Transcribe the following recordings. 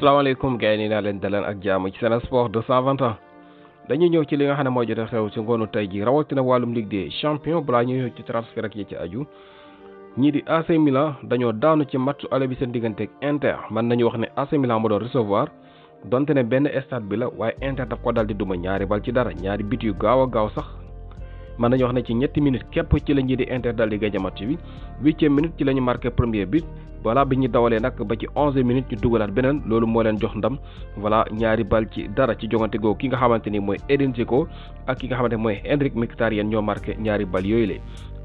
salaamaaleykum gars yi nii naa leen daleen ak jaamu ci Sen Sport 221 dañuy ñëw ci li nga xam ne moo jot a xew ci ngoonu tey ji rawatina wàllum Ligue des champions balaa ñuy ñëw ci transfert ak yi ci aju ñii di AC Milan dañoo daanu ci match aller bi seen digganteeg Inter mën nañu wax ne AC Milan moo doon recevoir donte ne benn stade bi la waaye Inter daf ko daal di duma ñaari bal ci dara ñaari bit yu gaaw a gaaw sax mën nañu wax ne ci ñetti minutes képp ci la ñuy di Inter daal di gagné match bi huitième minute ci la ñu marqué premier but voilà bi ñu dawalee nag ba ci onze minutes ci dugalaat beneen loolu moo leen jox ndam voilà ñaari bal ci dara ci jogante googu ki nga xamante ni mooy Edin ko ak ki nga xamante ni mooy Henrik Mkhitaryan ñoo marqué ñaari bal yooyu la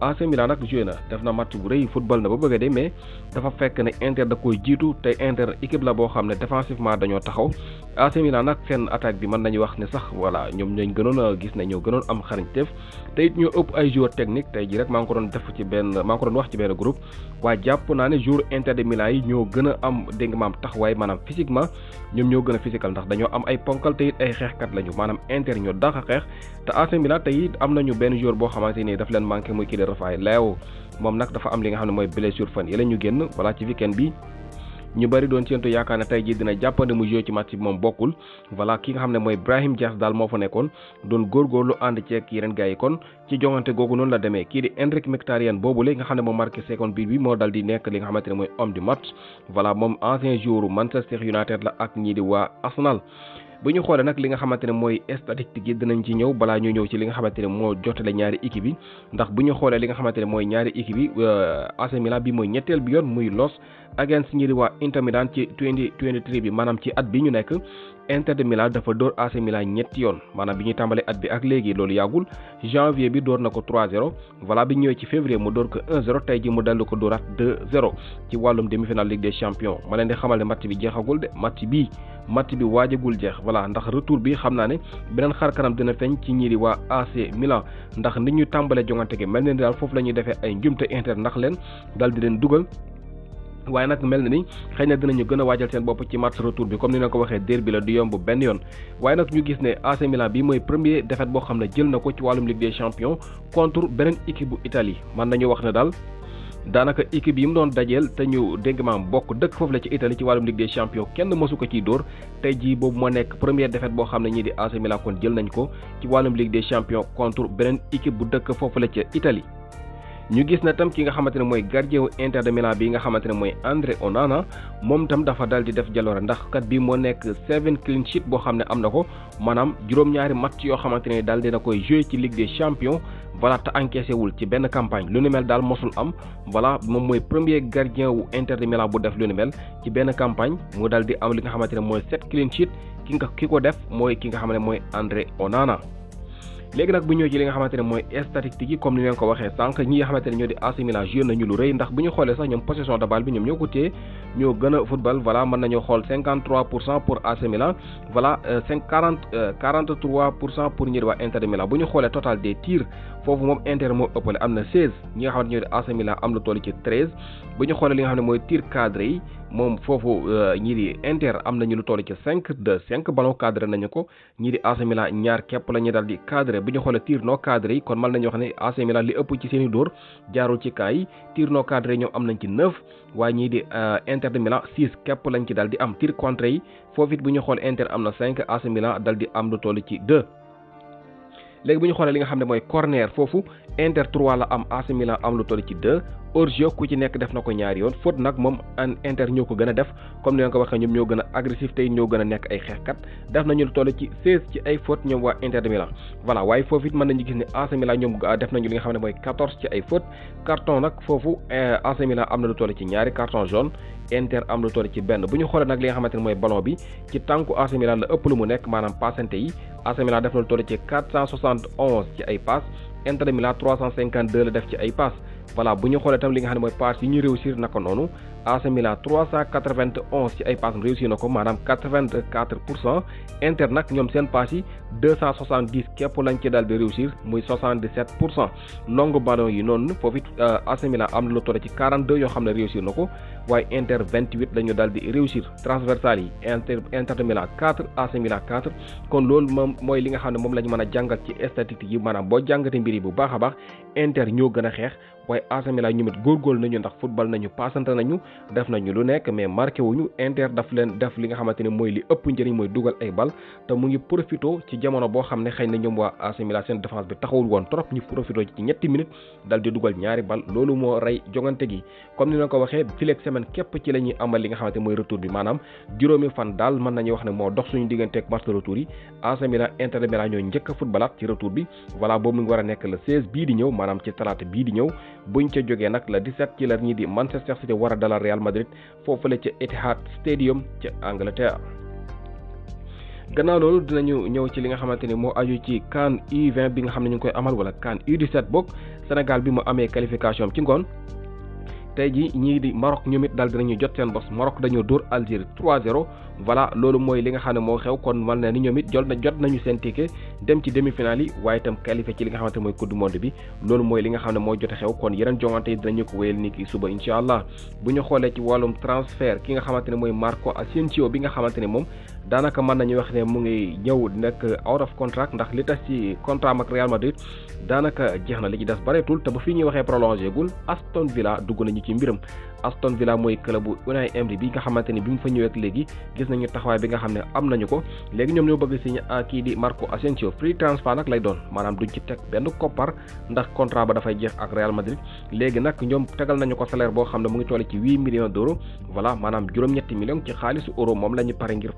AC Milan nag na def na match bu rëy football na ba bëgg a dee mais dafa fekk ne Inter da koy jiitu te Inter équipe la boo xam ne défensivement dañoo taxaw AC Milan nag seen bi mën nañu wax ne sax voilà ñoom ñooñ gënoon a gis ne ñoo gënoon am xarañteef te it ñoo ëpp ay joueur technique tey ji rek maa ngi ko doon def ci benn maa ngi ko doon wax ci benn groupe waaye jàpp naa ne joueur Inter de Milan ñoo gën a am dégg maam taxawaay maanaam physiquement ñoom ñoo gën ndax dañoo ay ponkal te it ay maanaam Inter ñoo dàq xeex benn joueur boo xamante ni daf leen manqué Rafaay Leao moom nag dafa am li nga xam ne mooy blessure fan yële ñu génn voilà ci weekend bi ñu bëri doon séentu yaakaar ne tey jii dina jàppande mu joué ci match bi moom bokkul voilà ki nga xam ne mooy Brahim Diaz daal moo fa nekkoon doon góorgóorlu ànd ceek yeneen gars kon ci joŋante googu noonu la demee kii di Henrik Mkhitaryan boobu léegi nga xam ne moo marqué seconde but bi moo dal di nekk li nga xamante ne mooy homme du match voilà moom ancien bu ñu xoolee nag li nga xamante ne mooy statistique yi dinañ ci ñëw balaa ñu ñëw ci li nga xamante ne moo jotale ñaari équipe yi ndax bu ñu xoolee li nga xamante ne mooy ñaari équipe yi euh, AC Milan bi mooy ñetteel bi yoon muy los against ñi di waa Inter Milan ci 2023 bi maanaam ci at bi ñu nekk Inter de Milan dafa dóor AC Milan ñetti yoon maanaam bi ñuy tàmbalee at bi ak léegi loolu yàggul janvier bi dóor na ko 3-0 voilà bi ñëwee ci février mu dóor ko 1 tey ji mu dellu ko dóoraat 2-0 ci wàllum demi-finale Ligue des xamal ne match bi jeexagul de match bii match bi waajagul jeex voilà ndax retour bi xam naa ne beneen xar kanam dina feeñ ci ñiiri waa AC Milan ndax nit ñu tàmbalee jongante gi mel ne daal foofu la ñuy defee ay njumte Inter ndax leen daal di leen dugal. waaye nag mel na ni xëy na dinañu gën a waajal seen bopp ci match retour bi comme ni nga ko waxee derby la du yomb benn yoon waaye nag ñu gis ne AC Milan bi mooy premier défaite boo xam ne jël na ko ci wàllum Ligue des Champions contre beneen équipe bu Italie mën nañu wax ne daal. daanaka équipe yi mu doon dajeel te ñu dégg bokk dëkk foofu la ci Italie ci wàllum Ligue des champions kenn mësu ko ciy dóor te jii boobu moo nekk première défaite boo xam ne ñii di AC Milan ko jël nañ ko ci wàllum Ligue des champions contre beneen équipe bu dëkk foofu la ca Italie. ñu gis na tam ki nga xamante ne mooy gardien wu Inter de Milan bi nga xamante ne mooy André Onana moom tam dafa dal di def jaloore ndax kat bi moo nekk seven clean sheet boo xam ne am na ko maanaam juróom-ñaari match yoo xamante ne daal dina koy jouer ci Ligue des voilà te encaissé ci benn campagne lu ni mel daal mosul am voilà moom mooy premier gardien wu Inter bu def lu ni mel ci benn campagne mu daal di am li nga xamante ne mooy set clean sheet ki nga ki ko def mooy ki nga xam ne mooy André Onana. léegi nag bu ñëw ci li nga xamante ne mooy statistique yi comme ni leen ko waxee sànq ñi nga xamante ñoo di AC Milan nañu lu rëy ndax bu ñu xoolee sax ñoom possession de bi ñoom ñoo ko téye ñoo gën a football voilà mën nañoo xool pour cent pour AC Milan voilà 5 40 43 pour cent pour ñi di Inter Milan bu ñu xoolee total des tirs foofu moom Inter moo ëppale am na 16 ñi nga xamante ne ñoo di AC Milan am lu toll ci 13 bu ñu xoolee li nga euh, am nañu lu toll ci 5 de 5 ballon nañu ko ñii di AC Milan ñaar képp la ñuy daal di cadré bu ñu xoolee tir non cadré yi kon mën nañu wax ne li ëpp ci seen i dóor jaarul ci kaay yi tir ñoom am nañ ci 9 waaye ñii di euh, Inter Milan 6 képp lañ ci daal di am tir contré yi foofu it bu ñu xool Inter am na 5 AC Milan dal di am lu toll ci 2. léegi bu ñu xoolee li nga xam ne mooy corner foofu Inter 3 la am AC Milan am lu toll ci 2 hors ku ci nek def nako ñaar yoon fot nak mom an inter ñoko gëna def comme ni nga waxe ñom ñoo gëna agressif tay ñoo gëna nek ay xex kat def nañu tollu ci 16 ci ay fot ñom wa inter de Milan voilà way fofu it man nañu gis ni AC Milan ñom ah, def nañu li nga xamne moy 14 ci ay fot carton nak fofu eh, AC Milan amna lu tollu ci ñaari carton jaune inter am lu tollu ci benn buñu xolé nak li nga xamante moy ballon bi ci tanku AC Milan la ëpp lu mu nek manam passante yi AC Milan def na lu tollu ci 471 ci ay passe Inter Milan 352 la def ci ay passe voilà bu ñu xoolee tam li nga xam ne mooy parts yi ñu réussir naka noonu AC Milan 391 ci ay passam réussi nako manam 84 Inter nak ñom seen passe yi 270 képp lañ ci dal de réussir muy 77 pour ballon yi non fofu euh, AC Milan am lu ci 42 yo xam réussi nako na Inter 28 lañu dal di réussir transversal yi Inter Inter de Milan 4 AC Milan 4 kon lool moom mooy li nga xamne mom lañu mëna jangal ci statistique yi manam bo jangati mbiri bu baax a baax Inter ñoo gëna xex xeex AC Milan ñu mit gol nañu ndax football nañu passante nañu def nañu lu nek mais marqué wuñu inter daf leen def li nga xamanteni moy li ëpp njëriñ moy duggal ay bal te mu ngi profito ci jamono bo xam xeyna ñom wa AC Milan sen défense bi taxawul won trop ñu profito ci ñetti minute dal di duggal ñaari bal lolu mo ray jongante gi comme ni na ko waxee fileeg semaine képp ci lañuy amal li nga xamanteni moy retour bi manam juróomi fan dal man nañu wax ne mo dox suñu digënté ak match retour yi AC Milan Inter Milan ñoo ñëk a footballaat ci retour bi voilà bo mu ngi wara nek le 16 bi di ñëw manam ci 30 bi di ñëw buñ ci joggé nak le 17 ci la ñi di Manchester City wara a dalal dalal Real Madrid la ca Etihad Stadium ca Angleterre. gannaaw loolu dinañu ñëw ci li nga xamante ni moo aju ci CAN U20 bi nga xam ne ñu ngi koy amal wala CAN U17 bokk Sénégal bi mu amee qualification ci ngoon. tey ji ñii di Maroc ñoom it daal ñu jot seen bos Maroc dañoo dóor Algérie 3-0 voilà loolu mooy li nga xam ne moo xew kon man na ni ñoom it jot jot nañu seen ticket dem ci demi-finale yi waaye itam qualifié ci li nga ne mooy coupe du monde bi loolu mooy li nga xam ne moo jote xew kon yeneen jongante yi dinañu ko wéyal ni ki suba incha allah bu ñu xoolee ci wàllum transfert ki nga xamante ne mooy marko Marco Asensio bi nga xamante ne moom daanaka mën nañu wax ne mu ngi ñëw nekk out of contract ndax li tax ci contrat ak Real Madrid daanaka jeex na li ci des bareetul te ba fii ñuy waxee prolongé gul Aston Villa dugg nañu ci mbiram Aston Villa mooy club bu Unai Emery bi nga xamante ni bi mu fa ñëwee ak léegi gis nañu taxawaay bi nga xam ne am nañu ko léegi ñoom ñoo bëgg signé kii di Marco Asensio free transfer lay doon maanaam duñ ci teg benn koppar ndax contrat ba dafay jeex ak Real Madrid léegi nag ko salaire boo xam ne mu ngi toll ci huit millions d'euros voilà maanaam moom la ñu pare ngir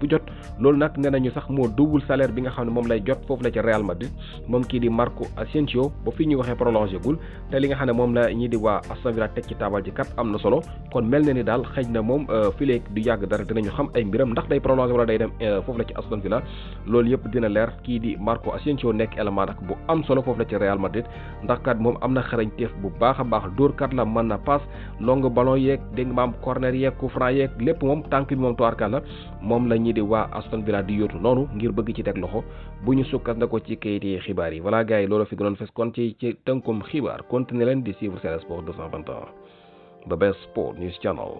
bu jot loolu nak nena ñu sax mo double salaire bi nga xamne mom lay jot fofu la ci Real Madrid mom ki di Marco Asensio bo fi ñu waxe prolonger gul te li nga xamne mom la ñi di wa Aston Villa tek ci ji kat am solo kon mel ni dal xejna mom euh, filé du yag dara dinañu xam ay mbiram ndax day prolonger wala day dem euh, fofu la ci Aston Villa loolu yep dina leer ki di Marco Asensio nek element nag bu am solo fofu la ci Real Madrid ndax kat mom amna xarañteef bu baaxa baax door kat la man na pass long ballon yek deng mam corner yek coup franc yek lepp mom tank bi la ñii di waa Aston Villa di yóotu noonu ngir bëgg ci teg loxo bu ñu sukkandako ci kayiti xibaar yi voilà gars yi loolu fi gënoon fes kon ci ci tënkum xibaar continuer leen di suivre Sen Sport 221 The Best Sport News Channel